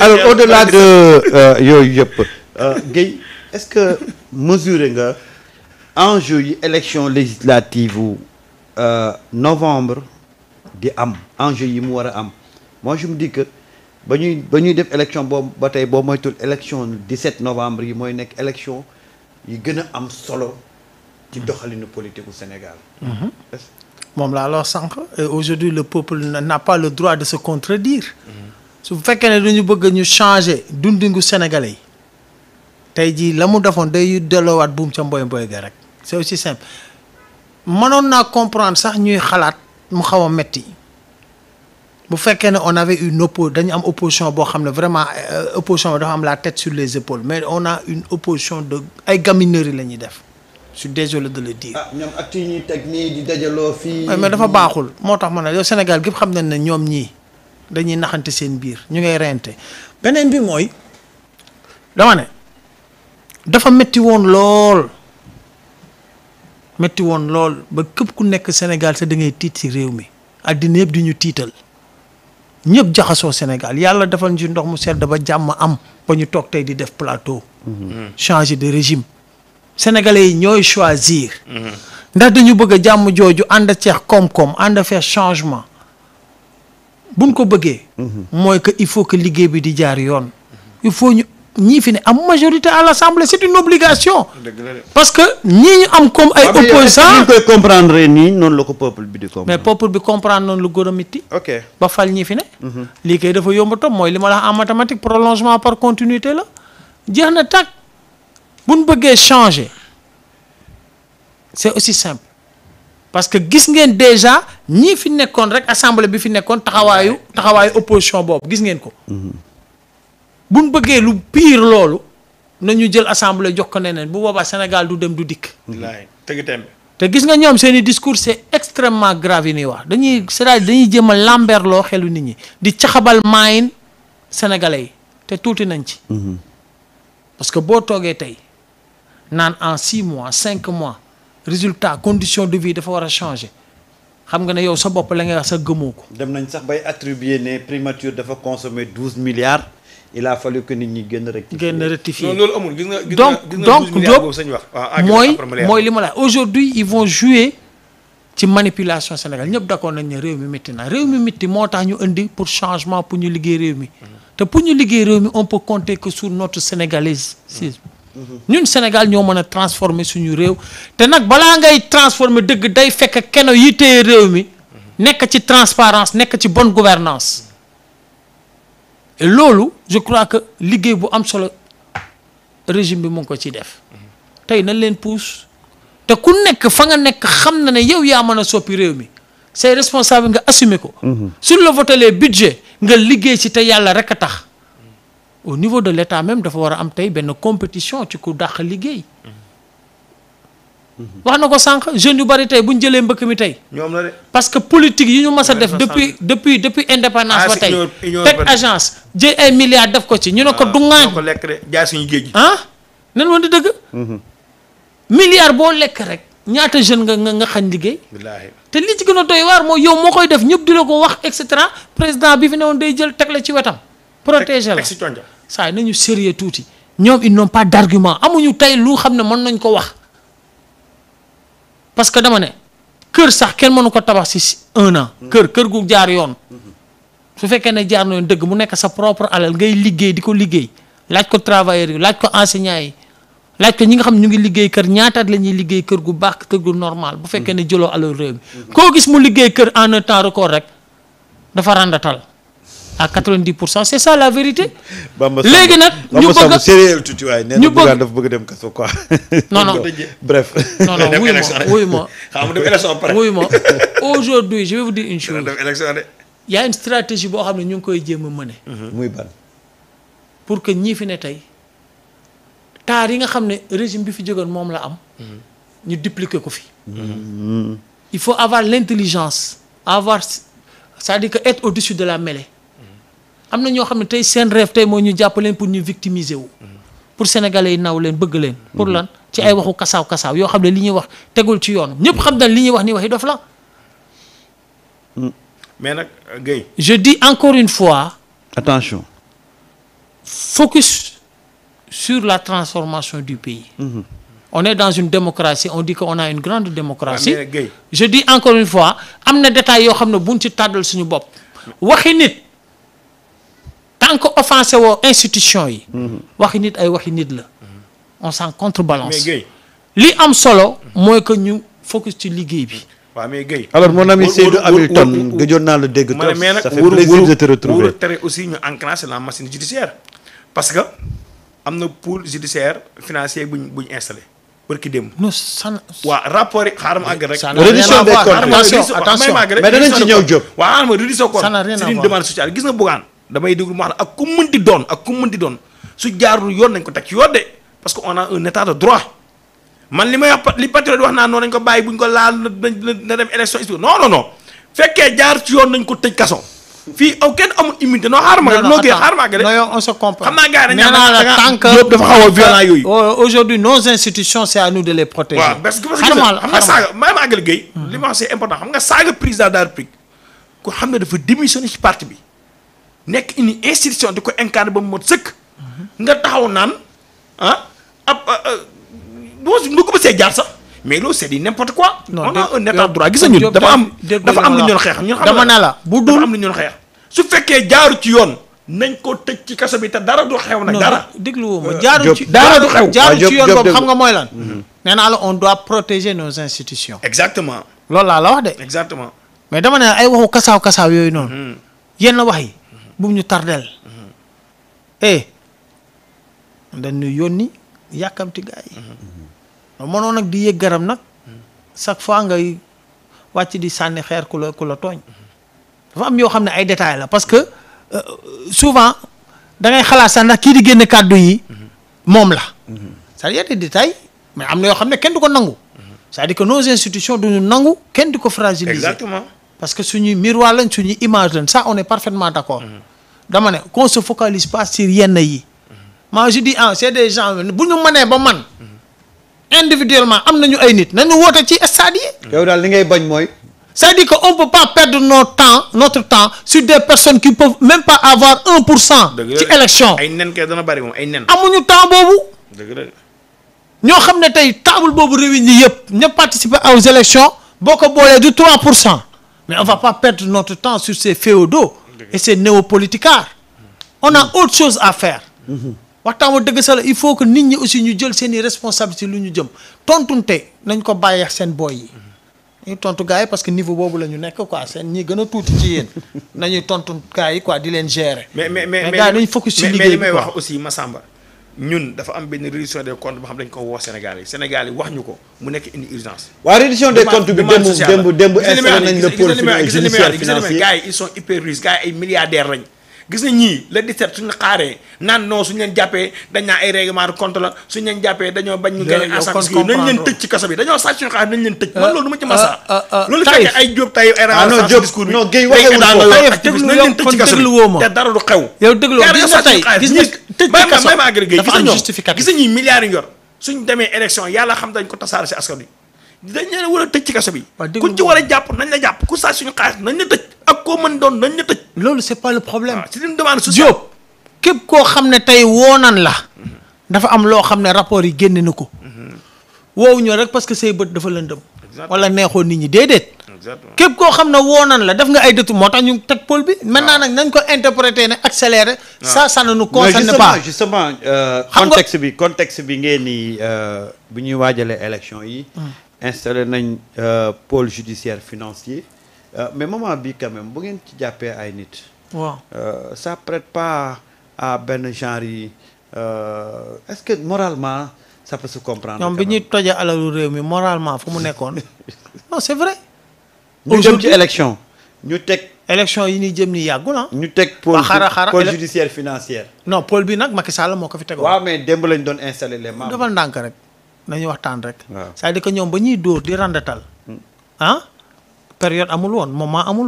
alors de la de euh, yooyu yëpp euh, Guèye est-ce que mesurer nga enjeu yi élection législative wu euh, novembre di am enjeu yi mu war a am moi je me dis que ba ñuy ba ñuy def élection boobu ba tey boo moytul élection 17 novembre yi mooy nekk élection yi gën a am solo ci doxalinu politique u Sénégal mhm. moom laa loo sànq aujourd'hui le peuple n'a pas le droit de se contredire mhm. su fekkee ne dañu bëgg ñu changer dundingu Sénégalais yi tey jii la mu defoon day delloowaat buum ca mbooy mbooy ga rek c'est mënoon naa comprendre sax ñuy xalaat mu xaw a metti bu fekkee ne on avait une am opposition boo xam ne vraiment euh, opposition dafa am la tête sur les épaules mais on a une opposition de ay gaminerie la ñuy def su suis désolé de le dire. Ah, ñoom ak ñuy teg nii dajaloo fii. mais dafa baaxul moo tax ma ne Sénégal gépp xam nañ ne ñoom ñii. dañuy naxante seen biir ñu ngay reyante beneen bi mooy dama ne dafa metti woon lool metti woon lool ba képp ku nekk Sénégal sax da ngay tiit ci réew mi àddina yëpp di ñu tiital ñëpp jaxasoo Sénégal yàlla defal ñu ci ndox mu sedd ba jàmm am ba ñu toog tey di def plateau. Mm-hmm. changer de régime. sénégalais yi ñooy choisir. Mm-hmm. ndax dañu bëgg a jàmm jooju ànd ceex koom-koom ànd feex changement. bu buñ ko bëggee. Mhm. mooy que il faut que liggéey bi di jaar yoon. il faut ñu ñii fi ne am majorité à l' assemblée c' une obligation. parce que ñii ñu am comme ay. Ah, opposants ñu noonu la ko peuple bi mais peuple bi comprendre noonu lu gën a ba fal ñi fi ne. Mhm. lii kay dafa yomb a mooy li ma la wax en mathématique prolongement par continuité la jeex na tàkk buñ bëggee changer c' est aussi simple. parce que gis ngeen déjà ñii fi nekkoon rek assemblée bi fi nekkoon taxawaayu taxawaayu opposition boobu gis ngeen ko. Mhm. buñ bëggee lu pire loolu nañu jël assemblée jox ko neneen bu boobaa Sénégal du dem du dikk. wallaay tëgg te gis nga ñoom seen i discours c'est extrêmement grave yi ñuy wax dañuy cest dañuy jéem a lamberloo xelu nit ñi di caxabal maayin sénégalais yi te tuuti nañ ci. Mhm. parce que boo toogee tey naan en six mois cinq mois. résultat condition de vie dafa war a changer xam nga ne yow sa bopp la ngay wax sa gëmoo ko. dem nañ sax bay attribuer ne primature dafa consommer douze milliards. il a fallu que nit ñi gën a rectifier gën a rectifier loolu amul gis nga gis nga donc donc sëñ wax mooy ah, mooy li ma la aujourd'hui manipulation Sénégal ñëpp d'accord nañ ne réew mi métti na réew mi métti moo tax ñu indi pour changement pour ñu liggéey réew mi mm-hmm. te pour ñu liggéey réew mi on peut compter que sur notre sénégalaisisme ñun Sénégal ñoo mën a transformer suñu réew te nag balaa ngay transformer dëgg day fekk keno yi téye réew mi nekk ci transparence nekk ci bonn gouvernance loolu je crois que liggéey bu am solo régime bi mu ngi ko ci def tey nañ leen pousse te ku nekk fa nga nekk xam na ne yow yaa mën a soppi réew mi say responsable nga assumer ko mhm. suñ la voté les budget nga liggéey ci te yàlla rek a tax au niveau de l'état même dafa war a am tey benn compétition ci ku dàq liggéey. Mhm. wax na ko sànq jeunes yu bari tey bu ñu jëlee mbëkk mi tey. ñoom la parce que politique yi ñu mës a def. depuis depuis depuis indépendance. Ah, ba tey teg agence. jël ay milliards def ko ci ñu ne ko ah, du ŋaañ. lekk de jaay géej ah nan woon di dëgg. Mhm. milliard boo lekk rek. ñaata jeune nga nga nga xañ liggéey. te li ci gën a doy waar mooy yow moo koy def ñëpp di la ko wax et cetera président bi fi ne woon day jël teg la ci wetam. protéger la saa nañu sérieux tuuti ñoom ils n'ont pas d'argument amuñu tey lu xam ne mën nañ ko wax parce que dama ne kër sax kenn mënu ko tabax ci un na mm-hmm. kër kër gu jaar yoon mm-hmm. su fekkee ne jaar na dëgg mu nekk sa propre alal ngay liggéey di ko liggéey laaj ko travailleurs yi laaj ko enseignants yi laaj ko ñi nga xam ñu ngi liggéey kër ñaataat la ñuy liggéey kër gu baax kër gu normal bu fekkee ne jëloo alal réew mi mm-hmm. koo gis mu liggéey kër en un temps record rek dafa randatal à 90 pour cent c' est ça la vérité. Bamba Samb léegi nag. ñu bëgg a sérieux tuuti waaye nee na Bougane dafa bëgg dem kaso quoi. non non bref. non non wuyu ma wuyu ma. aujourd'hui je vais dire une chose. dem une stratégie boo xam ne ñu ngi koy jéem a mëne. Mhm. muy ban. pour que ñii fi ne tey taar yi nga xam ne régime bi fi jógoon moom la am. Mhm. ñu dupliquer ko fi. Mhm. il faut avoir l' intelligence. avoir c'est-à-dire que être au-dessus de la mêlée. am na ñoo xam ne tey seen rêve tey mooy ñu jàpp leen pour ñu victimiser wu. pour sénégalais yi naw leen bëgg leen. pour lan ci ay waxu kasaaw kasaaw yoo xam ne li ñuy wax tegul ci yoon ñëpp xam nañ li ñuy wax ni waxi dof la. nag euh, Guèye. je dis encore une fois. attention. focus sur la transformation du pays. Mmh. on est dans une démocratie on dit que on a une grande démocratie. Ouais, je encore une fois am na détail yoo xam ne buñ ci tàddal suñu bopp waxi nit. tant que offensé woo institution yi. waxi nit ay waxi nit la. san s'en contrebalance. li am solo. mooy que ñu focus ci liggéey bi. waaw mais Guèye alors mon ami Seydou Hamilton gëjoon naa la dégg. trop ça fait plaisir de te tere aussi ñu enclencher la machine judiciaire. parce que am na pool judiciaire financier buñ buñ installé. wër ki démb. non san. waa rapport yi ma àgg rek. reddition des comptes attention attention mais danañ ci ñëw Diop. waaw xaaral ma reddition compte c'est une demande sociale gis nga Bougane. damay déglu ma ak ku mënti doon ak ku mënti doon su ko teg ci yoon de que on li may wax li ko bàyyi buñ ko laal na dem élection istu non yoon nañ ko tëj kaso fii aw kenn amul immunité non xaaral ma noo gee xaaral ma gee de non on se comprend xam a violent yooyu aujourd'hui nos institutions nga saaga maa ma àggal Guèye hmm. li ma wax c'est important xam nga saaga président de la République ku xam ne dafa démissionné ci parti bi nekk une institution di ko incarner ba mu mot sëkk. nga taxaw naan ah ab ah, ah, boo si ko bësee jaar sax mais loolu c'est du n'importe quoi. non on a un état droit gis nañu dafa am dafa am lu ñu doon xeex. ñun xam dama ne la bu dul am lu ñu doon xeex. su fekkee jaaru ci yoon. nañ ko tëj ci kaso bi te dara doo xew nag. dara déglu woo ma euh, jaaru ci dara du xew jaaru ci yoon boobu xam mooy lan. Mm-hmm. nee naa la on doit protéger nos institutions. exactement. loolu laa la wax de. exactement. mais dama ne ay waxu kasaaw kasaaw yooyu noonu. Mm-hmm. yenn wax yi. bu ñu tardel eh dañu yónni yàkkamti gaa yi mm-hmm. mënoon nag di yëg garam nag mm-hmm. chaque fois ngay wàcc di sànni xeer ku la ku la tooñ dafa am yoo xam ne ay détails la parce que euh, souvent da ngay xalaat sax ndax kii di génn kàddu yi mm-hmm. moom la c'est-à-dire des mais am na yoo xam ne kenn du ko nangu c'est-à-dire que nos institutions duñu nangu kenn di ko fragiliser exactement parce que suñuy miroir lañ suñuy image lañ ça on est parfaitement d' accord mhm. dama ne qu'on se focalise pas sur yenn yi mhm. moi je dis ah c' est des bu ñu mënee ba man individuellement am nañu ay nit na nañu woote ci stade yi yow daal li ngay bañ mooy c'est-à-dire qu'on ne peut pas perdre notre temps, notre temps sur des personnes qui ne peuvent même pas avoir 1% ci élection. ay nen kay dana temps boobu. ñoo xam ne tey table boobu réuni yëpp ña participer aux élections boo ko boolee du 3% Mais on ne va pas perdre notre temps sur ces féodaux et ces néopoliticards. On a autre chose à faire. waxtaan wa dëgg sa la il faut que nit ñi aussi ñu jël seen i responsabilité lu ñu jëm tontunte nañ ko bàyyi seen boy yi. ñu tontu gars yi parce que niveau boobu la ñu nekk quoi seen ñi gën a tuuti ci yéen nañuy tontu gars yi quoi di leen gérer. mais mais mais mais gars nañu focus ci liggéey bi mais li may wax aussi Massamba. ñun dafa am benn réduction des comptes boo xam dañ ko woo Sénégal yi Sénégal yi wax ñu ko mu nekk une urgence. waaw réduction des comptes bi démb démb démb installé nañ le pôle judiciaire financier gars yi ils sont hyper riches gars yi ay milliardaires lañ gis na ñii la 17 suñu xaaree naan non suñu leen jàppee dañ naa ay règlement de compte la suñu leen jàppee dañoo bañ ñu gagné assurance bi nañ leen tëj ci kaso bi dañoo sàcc suñu xaar nañ leen tëj man euh, loolu du ma ci masa euh, euh, loolu fekkee ay Diop Taïf ay ragal sa discours bi non Guèye waxewul ko nañ leen tëj ci kaso bi te dara du xew yow déglu gis nga tey gis nga tëj ci kaso may ma agrégé ko tasaare a tëj ci kaso bi kuñ ci war jàpp nañ la jàpp ku saa suñu xaalis nañ la tëj ak koo mën doon nañ la tëj loolu c'est pas le problème c'est une demande sociale Diop képp koo xam ne tey woonan la dafa am loo xam ne rapport yi génne na ko mhm. woowu ñoo rek parce que say bët dafa lëndëm wala neexoon nit ñi déedéet képp koo xam woo woonan la def nga ay dëtu moo tax ñu teg pôle bi maintenant nag nañ ko interpréter ne accéléré ça ça ne nous concerne pas justement euh, contexte bi contexte bi ngeen ni euh, bu ñuy waajalee élection yi hmm. installé nañ euh, pôle judiciaire financier mais moment bi quand même bu ngeen ci jàppee ay nit waaw ça prête pas a benn genre yi est-ce que moralement sa peut se comprendre ñoom bi ñuy toje alalu réew mi moralement fu mu nekkoon non c'est vrai ñu jëm ci ñu teg. élection yi ñuy jëm ni yàggul ah. ñu teg pôle pôle judiciaire financière. non pôle bi nag Macky Sall moo ko fi tegoon. waaw mais démb lañ doon installé les membres. defal ndànk rek nañu waxtaan rek. waaw c'est-à-dire que ñoom ba ñuy dóor di randatal hmm. ah période amul woon moment amul.